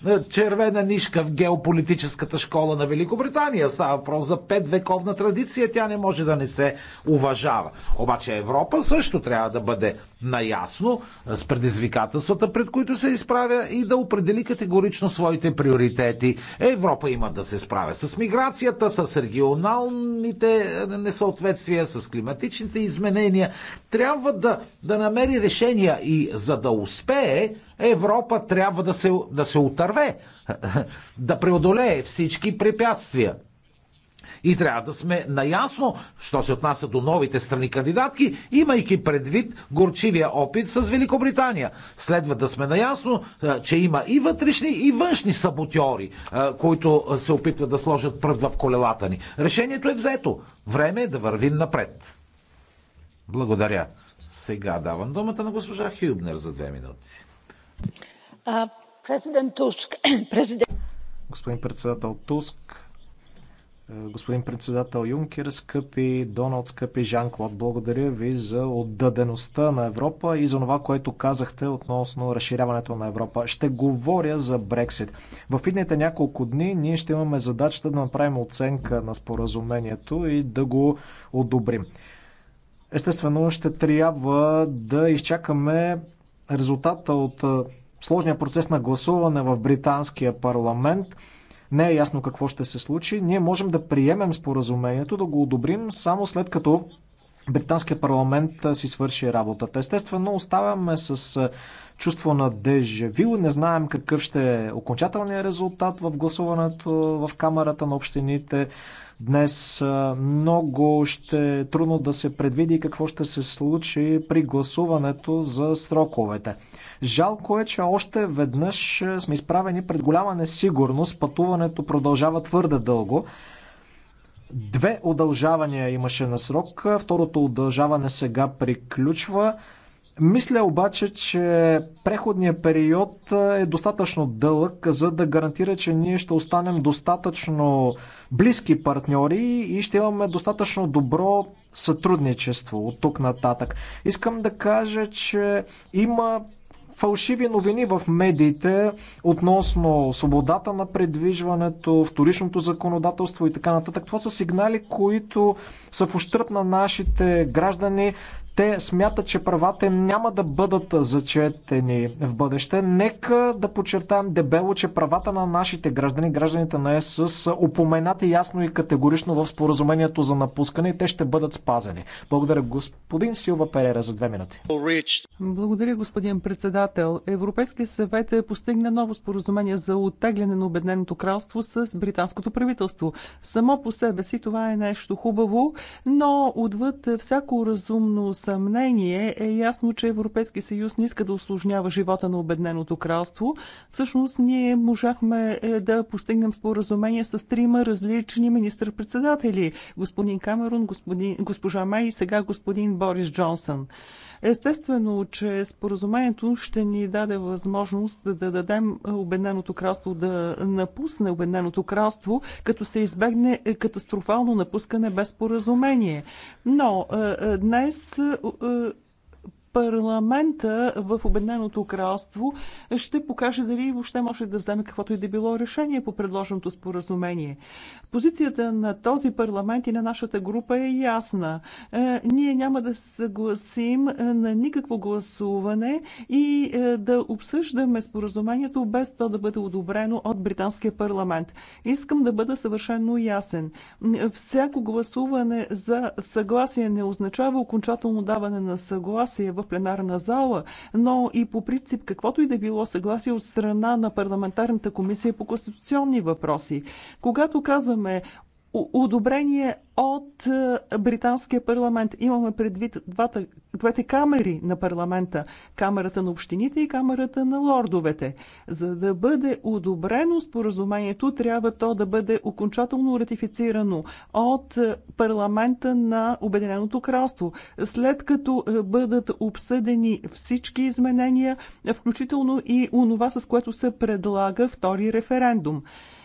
е червена нишка в геополитическата школа на Великобритания. Става въпрос за петвековна традиция, тя не може да не се уважава. Обаче Европа също трябва да бъде наясно с предизвикателствата, пред които се изправя и да определи категорично своите приоритети. Европа има да се справя с миграция, миграцията, с регионалните несъответствия, с климатичните изменения. Трябва да, да намери решения и за да успее, Европа трябва да се, да се отърве, [LAUGHS] да преодолее всички препятствия. И трябва да сме наясно, що се отнася до новите страни кандидатки, имайки предвид горчивия опит с Великобритания. Следва да сме наясно, че има и вътрешни, и външни саботьори, които се опитват да сложат пръд в колелата ни. Решението е взето. Време е да вървим напред. Благодаря. Сега давам думата на госпожа Хюбнер за две минути. президент Туск. [CLEARS THROAT] Президент... Господин председател Туск, господин председател Юнкер, скъпи Доналд, скъпи Жан-Клод, благодаря ви за отдадеността на Европа и за това, което казахте относно разширяването на Европа. Ще говоря за Брексит. В идните няколко дни ние ще имаме задачата да направим оценка на споразумението и да го одобрим. Естествено, ще трябва да изчакаме резултата от сложния процес на гласуване в британския парламент – не е ясно какво ще се случи. Ние можем да приемем споразумението, да го одобрим само след като британския парламент си свърши работата. Естествено, оставяме с чувство на дежавю. Не знаем какъв ще е окончателният резултат в гласуването в Камерата на общините. Днес много ще е трудно да се предвиди какво ще се случи при гласуването за сроковете. Жалко е, че още веднъж сме изправени пред голяма несигурност. Пътуването продължава твърде дълго. Две удължавания имаше на срок. Второто удължаване сега приключва. Мисля обаче, че преходният период е достатъчно дълъг, за да гарантира, че ние ще останем достатъчно близки партньори и ще имаме достатъчно добро сътрудничество от тук нататък. Искам да кажа, че има фалшиви новини в медиите относно свободата на предвижването, вторичното законодателство и така нататък. Това са сигнали, които са в ущърп на нашите граждани, те смятат, че правата им няма да бъдат зачетени в бъдеще. Нека да подчертаем дебело, че правата на нашите граждани, гражданите на ЕС, са упоменати ясно и категорично в споразумението за напускане и те ще бъдат спазени. Благодаря господин Силва Перера за две минути. Благодаря господин председател. Европейския съвет е постигна ново споразумение за оттегляне на Обедненото кралство с британското правителство. Само по себе си това е нещо хубаво, но отвъд всяко разумно съмнение е ясно, че Европейски съюз не иска да осложнява живота на обедненото кралство. Всъщност ние можахме е, да постигнем споразумение с трима различни министр-председатели. Господин Камерун, господин, госпожа Мей и сега господин Борис Джонсън. Естествено, че споразумението ще ни даде възможност да дадем Обединеното кралство да напусне Обединеното кралство, като се избегне катастрофално напускане без споразумение. Но е, е, днес е, парламента в Обединеното кралство ще покаже дали въобще може да вземе каквото и да било решение по предложеното споразумение. Позицията на този парламент и на нашата група е ясна. Е, ние няма да съгласим е, на никакво гласуване и е, да обсъждаме споразумението без то да бъде одобрено от британския парламент. Искам да бъда съвършенно ясен. Всяко гласуване за съгласие не означава окончателно даване на съгласие в в пленарна зала, но и по принцип каквото и да било съгласие от страна на парламентарната комисия по конституционни въпроси. Когато казваме одобрение от е, британския парламент. Имаме предвид двата, двете камери на парламента. Камерата на общините и камерата на лордовете. За да бъде одобрено споразумението, трябва то да бъде окончателно ратифицирано от е, парламента на Обединеното кралство. След като е, бъдат обсъдени всички изменения, включително и онова, с което се предлага втори референдум.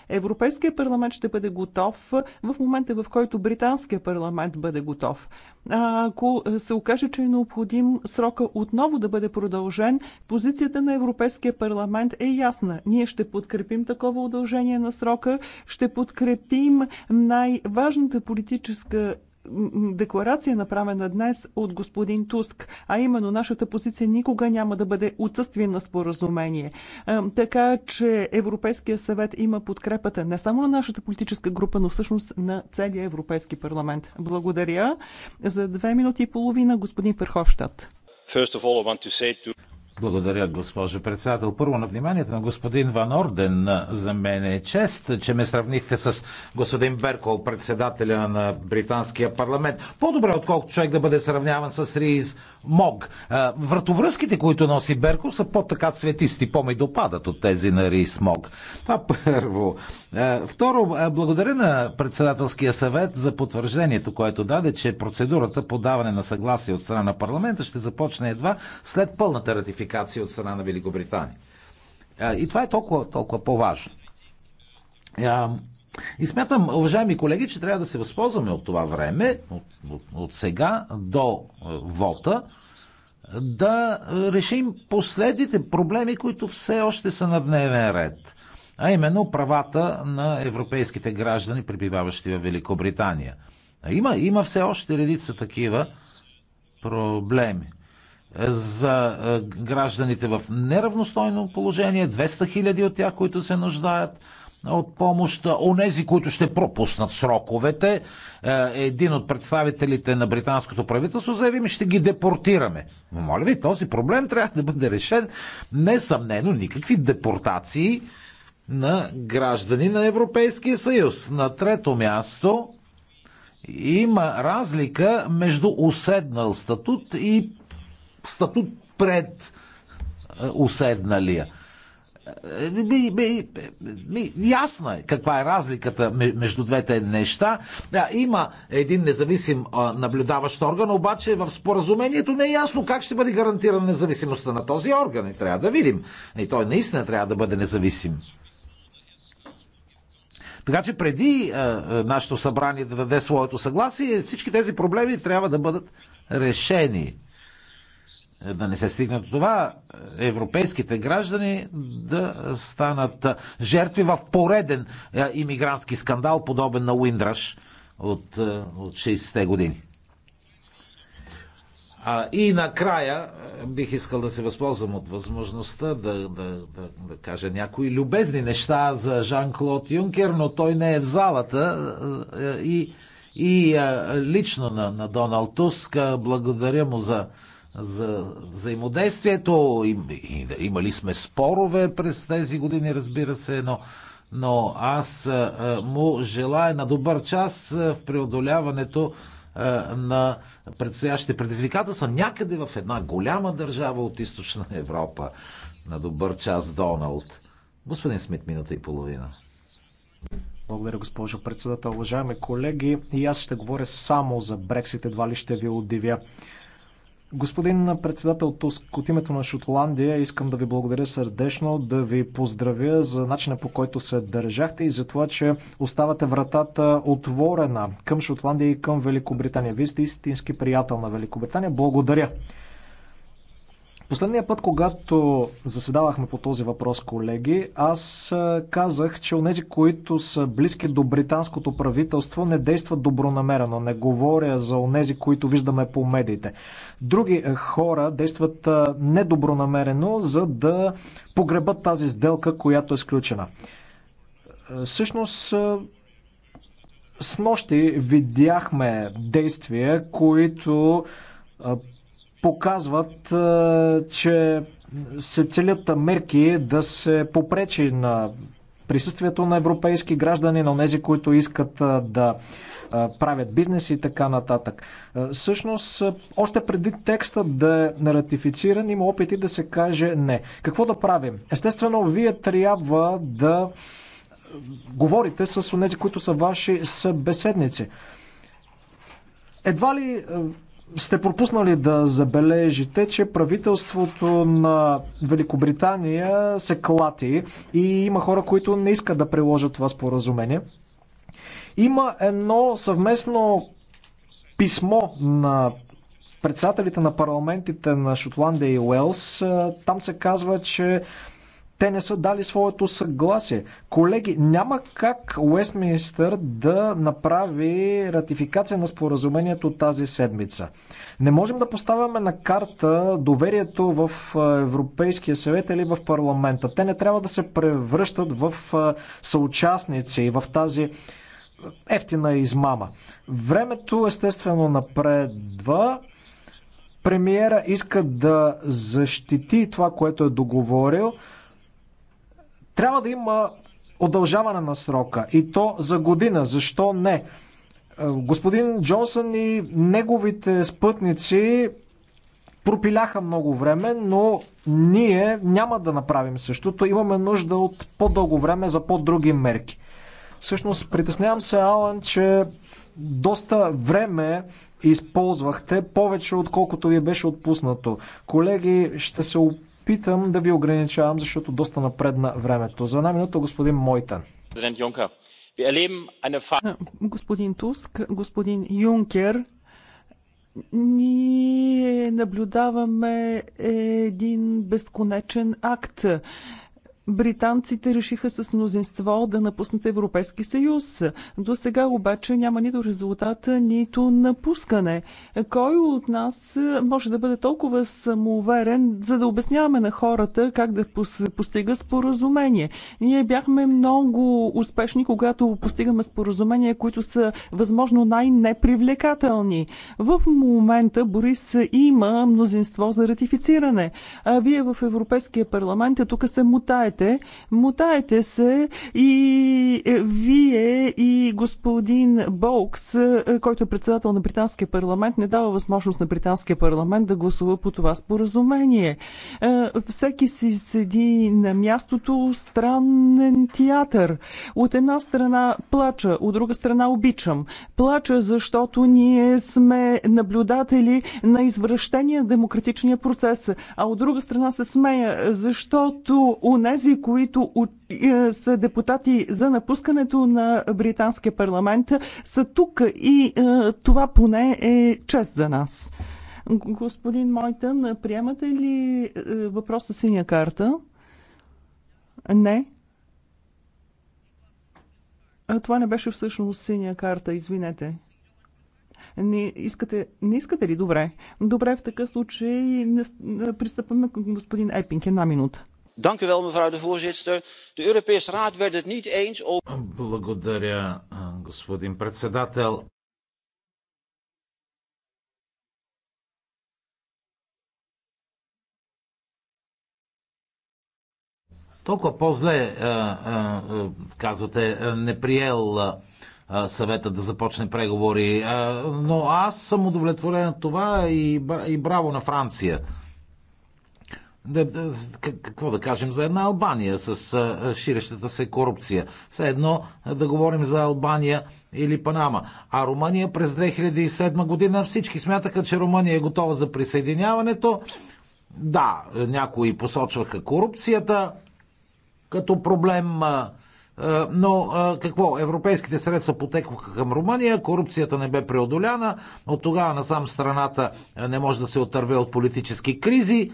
Европейския парламент ще бъде готов в момента, в който британския парламент бъде готов. Ако се окаже, че е необходим срока отново да бъде продължен, позицията на Европейския парламент е ясна. Ние ще подкрепим такова удължение на срока, ще подкрепим най-важната политическа декларация, направена днес от господин Туск, а именно нашата позиция никога няма да бъде отсъствие на споразумение. Така че Европейския съвет има подкрепата не само на нашата политическа група, но всъщност на целия Европейски парламент. Благодаря. За две минути и половина господин Ферховщад. Благодаря, госпожо председател. Първо на вниманието на господин Ван Орден. За мен е чест, че ме сравнихте с господин Берко, председателя на британския парламент. По-добре, отколкото човек да бъде сравняван с Риз Мог. Вратовръзките, които носи Берко, са по-така цветисти, по-ми допадат от тези на Риз Мог. Това първо. Второ, благодаря на председателския съвет за потвърждението, което даде, че процедурата по даване на съгласие от страна на парламента ще започне едва след пълната ратификация ратификация от страна на Великобритания. И това е толкова, толкова по-важно. И смятам, уважаеми колеги, че трябва да се възползваме от това време, от, от, от сега до вота, да решим последните проблеми, които все още са на дневен ред. А именно правата на европейските граждани, прибиваващи в Великобритания. Има, има все още редица такива проблеми за е, гражданите в неравностойно положение, 200 хиляди от тях, които се нуждаят от помощ. Онези, които ще пропуснат сроковете, е, един от представителите на британското правителство заяви, ми ще ги депортираме. Но, моля ви, този проблем трябва да бъде решен. Несъмнено, никакви депортации на граждани на Европейския съюз. На трето място има разлика между уседнал статут и статут пред е, уседналия. Е, ми, ми, ми, ясно е каква е разликата между двете неща. Да, е, има един независим наблюдаващ орган, обаче в споразумението не е ясно как ще бъде гарантирана независимостта на този орган. И трябва да видим. И той наистина трябва да бъде независим. Така че преди нашето събрание да даде своето съгласие, всички тези проблеми трябва да бъдат решени да не се стигне до това, европейските граждани да станат жертви в пореден е, иммигрантски скандал, подобен на Уиндраш от, е, от 60-те години. А, и накрая е, бих искал да се възползвам от възможността да, да, да, да кажа някои любезни неща за Жан-Клод Юнкер, но той не е в залата и, и лично на, на Доналд Туск благодаря му за за взаимодействието. Имали сме спорове през тези години, разбира се, но, но аз му желая на добър час в преодоляването на предстоящите предизвикателства някъде в една голяма държава от източна Европа. На добър час, Доналд. Господин Смит, минута и половина. Благодаря, госпожо председател. Уважаеми колеги, и аз ще говоря само за Брексит, едва ли ще ви удивя. Господин председател Туск, от името на Шотландия искам да ви благодаря сърдечно, да ви поздравя за начина по който се държахте и за това, че оставате вратата отворена към Шотландия и към Великобритания. Вие сте истински приятел на Великобритания. Благодаря! Последния път, когато заседавахме по този въпрос, колеги, аз казах, че онези, които са близки до британското правителство, не действат добронамерено. Не говоря за онези, които виждаме по медиите. Други хора действат недобронамерено, за да погребат тази сделка, която е сключена. Всъщност, с нощи видяхме действия, които показват, е, че се целят мерки да се попречи на присъствието на европейски граждани, на тези, които искат е, да е, правят бизнес и така нататък. Същност, още преди текста да е ратифициран, има опити да се каже не. Какво да правим? Естествено, вие трябва да говорите с тези, които са ваши събеседници. Едва ли сте пропуснали да забележите, че правителството на Великобритания се клати и има хора, които не искат да приложат това споразумение. Има едно съвместно писмо на председателите на парламентите на Шотландия и Уелс. Там се казва, че те не са дали своето съгласие. Колеги, няма как Уестминстър да направи ратификация на споразумението тази седмица. Не можем да поставяме на карта доверието в Европейския съвет или в парламента. Те не трябва да се превръщат в съучастници в тази ефтина измама. Времето естествено напредва. Премиера иска да защити това, което е договорил. Трябва да има удължаване на срока и то за година. Защо не? Е, господин Джонсън и неговите спътници пропиляха много време, но ние няма да направим същото. Имаме нужда от по-дълго време за по-други мерки. Всъщност, притеснявам се, Алан, че доста време използвахте, повече отколкото ви беше отпуснато. Колеги, ще се опитам Питам да ви ограничавам, защото доста напредна времето. За една минута господин Мойтан. Господин Туск, господин Юнкер, ние наблюдаваме един безконечен акт британците решиха с мнозинство да напуснат Европейски съюз. До сега обаче няма нито резултата, нито напускане. Кой от нас може да бъде толкова самоуверен, за да обясняваме на хората как да постига споразумение? Ние бяхме много успешни, когато постигаме споразумения, които са възможно най-непривлекателни. В момента Борис има мнозинство за ратифициране. А вие в Европейския парламент тук се мутаете мъчете, мутаете се и е, вие и господин Болкс, е, който е председател на британския парламент, не дава възможност на британския парламент да гласува по това споразумение. Е, всеки си седи на мястото странен театър. От една страна плача, от друга страна обичам. Плача, защото ние сме наблюдатели на извращения демократичния процес, а от друга страна се смея, защото у нези тези, които е, са депутати за напускането на британския парламент, са тук и е, това поне е чест за нас. Господин Мойтън, приемате ли е, въпроса синя карта? Не. Това не беше всъщност синя карта, извинете. Не искате, не искате ли? Добре. Добре, в такъв случай не, пристъпваме към господин Епинг. Една минута. Благодаря, господин председател. Толкова по-зле, казвате, не приел съвета да започне преговори. Но аз съм удовлетворен от това и, и браво на Франция да, да, какво да кажем за една Албания с а, ширещата се корупция? Все едно да говорим за Албания или Панама. А Румъния през 2007 година всички смятаха, че Румъния е готова за присъединяването. Да, някои посочваха корупцията като проблем, но какво? Европейските средства потекоха към Румъния, корупцията не бе преодоляна, от тогава насам страната не може да се отърве от политически кризи.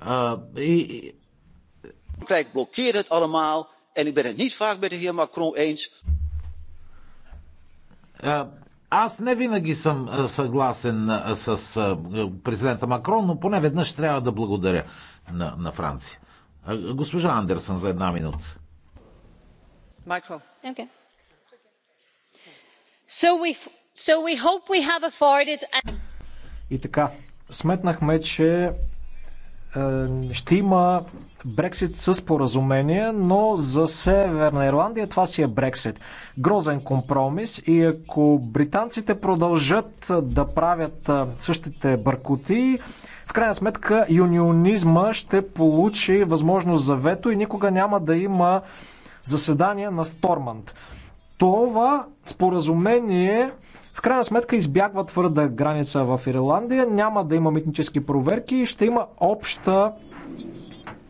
А, и... Frankrijk blokkeert het allemaal en ik ben het niet vaak met de heer Macron eens. Аз не винаги съм съгласен с президента Макрон, но поне веднъж трябва да благодаря на, на Франция. Госпожа Андерсън за една минута. Micro. Okay. So we, so we we have И така, сметнахме, че е, ще има Брексит с поразумение, но за Северна Ирландия това си е Брексит. Грозен компромис и ако британците продължат да правят е, същите бъркоти, в крайна сметка юнионизма ще получи възможност за вето и никога няма да има заседание на Стормант. Това споразумение в крайна сметка избягва твърда граница в Ирландия, няма да има митнически проверки и ще има обща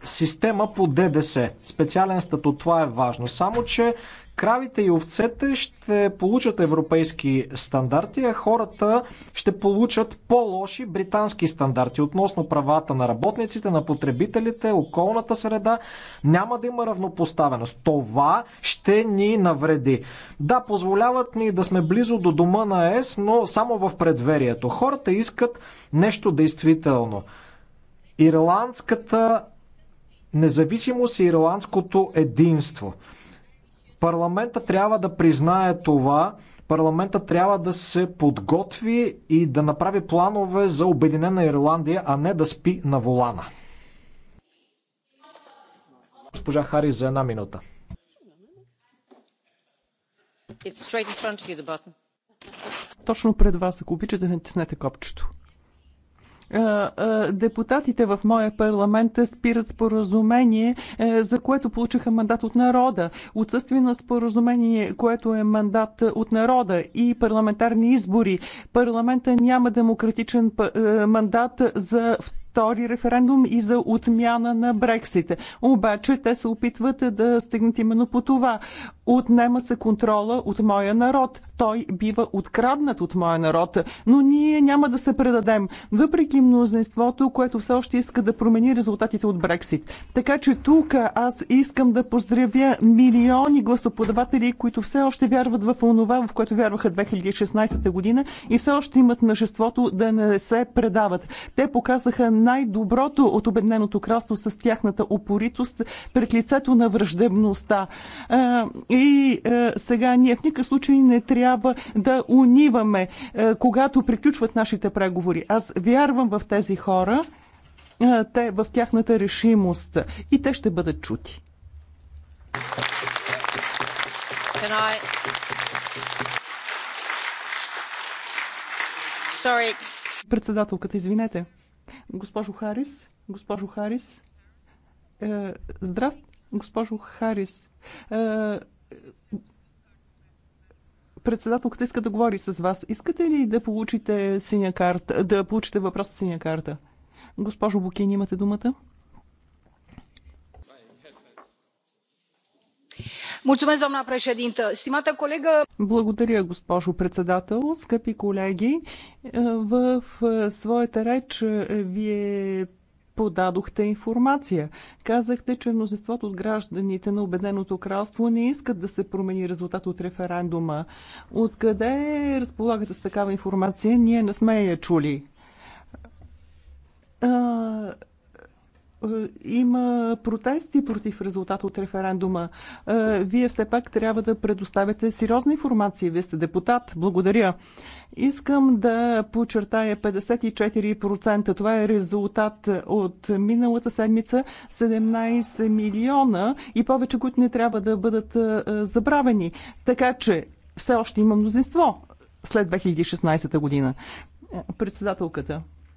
система по ДДС. Специален статут, това е важно. Само, че Кравите и овцете ще получат европейски стандарти, а хората ще получат по-лоши британски стандарти относно правата на работниците, на потребителите, околната среда. Няма да има равнопоставеност. Това ще ни навреди. Да, позволяват ни да сме близо до дома на ЕС, но само в предверието. Хората искат нещо действително. Ирландската независимост и ирландското единство – Парламента трябва да признае това. Парламента трябва да се подготви и да направи планове за Обединена Ирландия, а не да спи на волана. Госпожа Хари, за една минута. You, Точно пред вас, ако обичате, натиснете копчето депутатите в моя парламент спират споразумение, е, за което получиха мандат от народа. Отсъствие на споразумение, което е мандат от народа и парламентарни избори. Парламента няма демократичен е, мандат за втори референдум и за отмяна на Брексите. Обаче те се опитват да стигнат именно по това. Отнема се контрола от моя народ. Той бива откраднат от моя народ. Но ние няма да се предадем, въпреки мнозинството, което все още иска да промени резултатите от Брексит. Така че тук аз искам да поздравя милиони гласоподаватели, които все още вярват в онова, в което вярваха 2016 година и все още имат мъжеството да не се предават. Те показаха най-доброто от Обедненото кралство с тяхната упоритост пред лицето на враждебността. Е, и е, сега ние в никакъв случай не трябва да униваме, е, когато приключват нашите преговори. Аз вярвам в тези хора, те в тяхната решимост и те ще бъдат чути. Can I... Председателката, извинете. Госпожо Харис, госпожо Харис, е, здраст, госпожо Харис. Е, председателката иска да говори с вас. Искате ли да получите синя карта, да получите въпрос с синя карта? Госпожо Букин, имате думата. doamnă președintă stimată colegă. Благодаря, госпожо председател. Скъпи колеги, е, в е, своята реч е, вие подадохте информация. Казахте, че мнозинството от гражданите на Обеденото кралство не искат да се промени резултат от референдума. Откъде разполагате с такава информация? Ние не сме я чули. А, е, има протести против резултата от референдума. Е, вие все пак трябва да предоставяте сериозна информация. Вие сте депутат. Благодаря. Искам да подчертая 54%. Това е резултат от миналата седмица. 17 милиона и повече, които не трябва да бъдат е, забравени. Така че все още има мнозинство след 2016 година. Председателката.